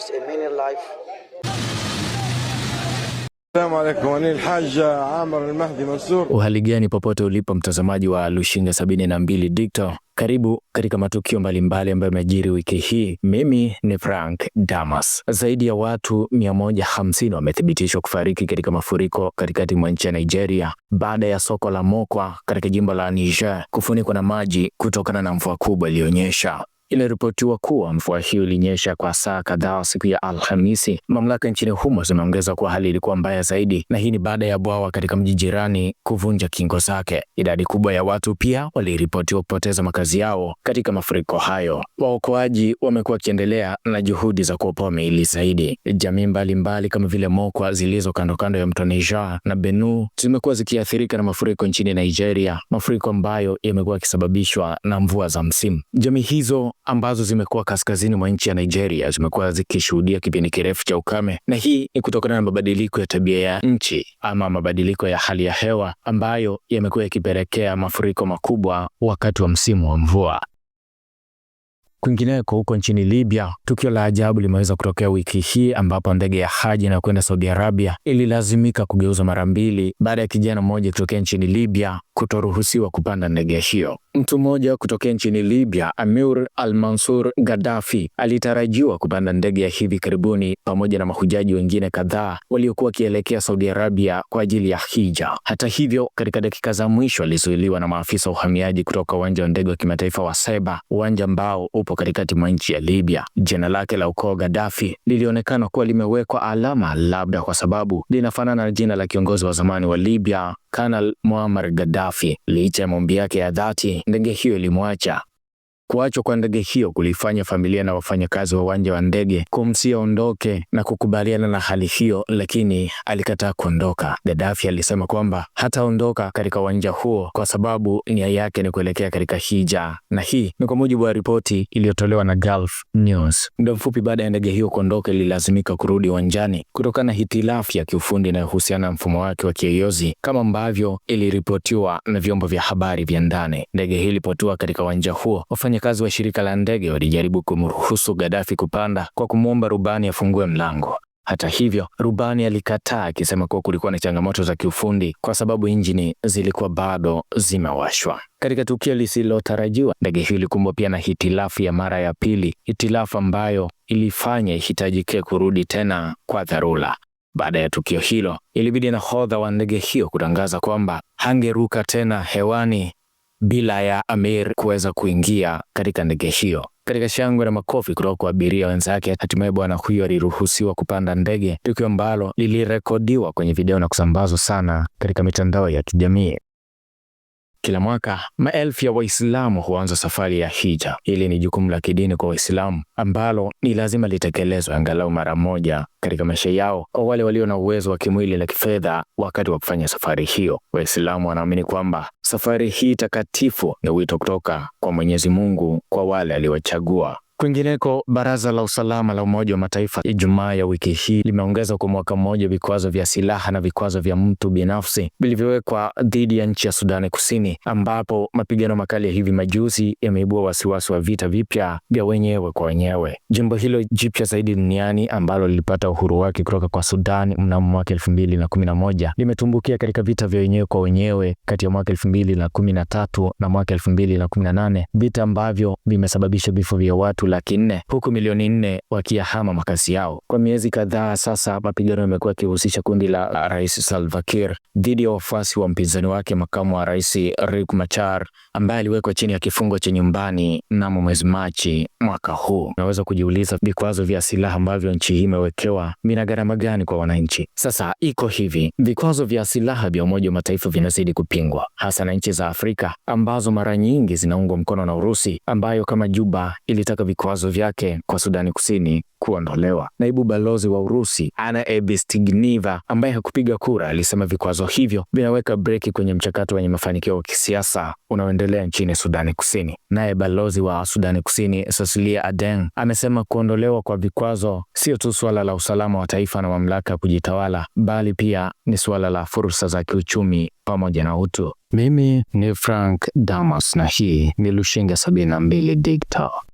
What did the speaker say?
lost a many life. Uhali gani popote ulipo mtazamaji wa lushinga 72 Dikto, karibu katika matukio mbalimbali ambayo yamejiri wiki hii. Mimi ni Frank Damas. Zaidi ya watu 150 wamethibitishwa kufariki katika mafuriko katikati mwa nchi ya Nigeria baada ya soko la Mokwa katika jimbo la Niger kufunikwa na maji kutokana na mvua kubwa iliyonyesha. Imeripotiwa kuwa mvua hiyo ilinyesha kwa saa kadhaa siku ya Alhamisi. Mamlaka nchini humo zimeongeza kuwa hali ilikuwa mbaya zaidi, na hii ni baada ya bwawa katika mji jirani kuvunja kingo zake. Idadi kubwa ya watu pia waliripotiwa kupoteza makazi yao katika mafuriko hayo. Waokoaji wamekuwa wakiendelea na juhudi za kuopoa miili zaidi. Jamii mbalimbali kama vile Mokwa zilizo kando kando ya mto Niger na Benue zimekuwa zikiathirika na mafuriko nchini Nigeria, mafuriko ambayo yamekuwa yakisababishwa na mvua za msimu. Jamii hizo ambazo zimekuwa kaskazini mwa nchi ya Nigeria zimekuwa zikishuhudia kipindi kirefu cha ukame, na hii ni kutokana na mabadiliko ya tabia ya nchi ama mabadiliko ya hali ya hewa ambayo yamekuwa yakipelekea mafuriko makubwa wakati wa msimu wa mvua. Kwingineko huko nchini Libya, tukio la ajabu limeweza kutokea wiki hii ambapo ndege ya haji inayokwenda Saudi Arabia ililazimika kugeuzwa mara mbili baada ya kijana mmoja kutokea nchini Libya kutoruhusiwa kupanda ndege hiyo. Mtu mmoja kutokea nchini Libya, Amir al-Mansur Gaddafi, alitarajiwa kupanda ndege ya hivi karibuni pamoja na mahujaji wengine kadhaa waliokuwa wakielekea Saudi Arabia kwa ajili ya hija. Hata hivyo, katika dakika za mwisho alizuiliwa na maafisa wa uhamiaji kutoka uwanja wa ndege wa kimataifa wa Seba, uwanja ambao alipo katikati mwa nchi ya Libya. Jina lake la ukoo Gaddafi lilionekana kuwa limewekwa alama, labda kwa sababu linafanana na jina la kiongozi wa zamani wa Libya Kanal Muammar Gaddafi. Licha ya maombi yake ya dhati, ndege hiyo ilimwacha Kuachwa kwa ndege hiyo kulifanya familia na wafanyakazi wa uwanja wa ndege kumsia ondoke na kukubaliana na hali hiyo, lakini alikataa kuondoka. Gaddafi alisema kwamba hataondoka katika uwanja huo kwa sababu nia yake ni kuelekea katika hija, na hii ni kwa mujibu wa ripoti iliyotolewa na Gulf News. Muda mfupi baada ya ndege hiyo kuondoka, ililazimika kurudi uwanjani kutokana na hitilafu ya kiufundi inayohusiana na mfumo wake wa kiyoyozi kama ambavyo iliripotiwa na vyombo vya habari vya ndani. Ndege hii ilipotua katika uwanja huo wafanya Wafanyakazi wa shirika la ndege walijaribu kumruhusu Gaddafi kupanda kwa kumwomba rubani afungue mlango. Hata hivyo, rubani alikataa akisema kuwa kulikuwa na changamoto za kiufundi kwa sababu injini zilikuwa bado zimewashwa. Katika tukio lisilotarajiwa, ndege hiyo ilikumbwa pia na hitilafu ya mara ya pili, hitilafu ambayo ilifanya ihitajike kurudi tena kwa dharura. Baada ya tukio hilo, ilibidi nahodha wa ndege hiyo kutangaza kwamba hangeruka tena hewani bila ya Amir kuweza kuingia katika ndege hiyo. Katika shangwe na makofi kutoka kwa abiria wenzake, hatimaye bwana huyo aliruhusiwa kupanda ndege, tukio ambalo lilirekodiwa kwenye video na kusambazwa sana katika mitandao ya kijamii. Kila mwaka maelfu ya Waislamu huanza safari ya hija. Hili ni jukumu la kidini kwa Waislamu ambalo ni lazima litekelezwe angalau mara moja katika maisha yao, kwa wale walio na uwezo wa kimwili na kifedha. Wakati wa kufanya safari hiyo, Waislamu wanaamini kwamba safari hii takatifu ni wito kutoka kwa Mwenyezi Mungu kwa wale aliwachagua. Kwingineko, baraza la usalama la Umoja wa Mataifa Ijumaa ya wiki hii limeongeza kwa mwaka mmoja vikwazo vya silaha na vikwazo vya mtu binafsi vilivyowekwa dhidi ya nchi ya Sudani Kusini, ambapo mapigano makali ya hivi majuzi yameibua wasiwasi wa vita vipya vya wenyewe kwa wenyewe. Jimbo hilo jipya zaidi duniani ambalo lilipata uhuru wake kutoka kwa Sudani mnamo mwaka moja limetumbukia katika vita vya wenyewe kwa wenyewe kati ya mwaka 2013 na mwaka nane vita ambavyo vimesababisha vifo vya watu laki nne huku milioni nne wakiyahama makazi yao. Kwa miezi kadhaa sasa, mapigano yamekuwa yakihusisha kundi la Rais Salva Kiir dhidi ya wafuasi wa mpinzani wake makamu wa rais Riek Machar ambaye aliwekwa chini ya kifungo cha nyumbani mnamo mwezi Machi mwaka huu. Unaweza kujiuliza vikwazo vya silaha ambavyo nchi hii imewekewa vina gharama gani kwa wananchi? Sasa iko hivi, vikwazo vya silaha vya Umoja wa Mataifa vinazidi kupingwa hasa na nchi za Afrika ambazo mara nyingi zinaungwa mkono na Urusi ambayo kama Juba ilitaka vikwazo vikwazo vyake kwa Sudani Kusini kuondolewa. Naibu balozi wa Urusi Anna Ebstigniva, ambaye hakupiga kura, alisema vikwazo hivyo vinaweka breki kwenye mchakato wenye mafanikio wa kisiasa unaoendelea nchini Sudani Kusini. Naye balozi wa Sudani Kusini Cecilia Aden amesema kuondolewa kwa vikwazo sio tu suala la usalama wa taifa na mamlaka ya kujitawala, bali pia ni suala la fursa za kiuchumi pamoja na utu. Mimi ni Frank Damas na hii ni Lushinga 72 Digital.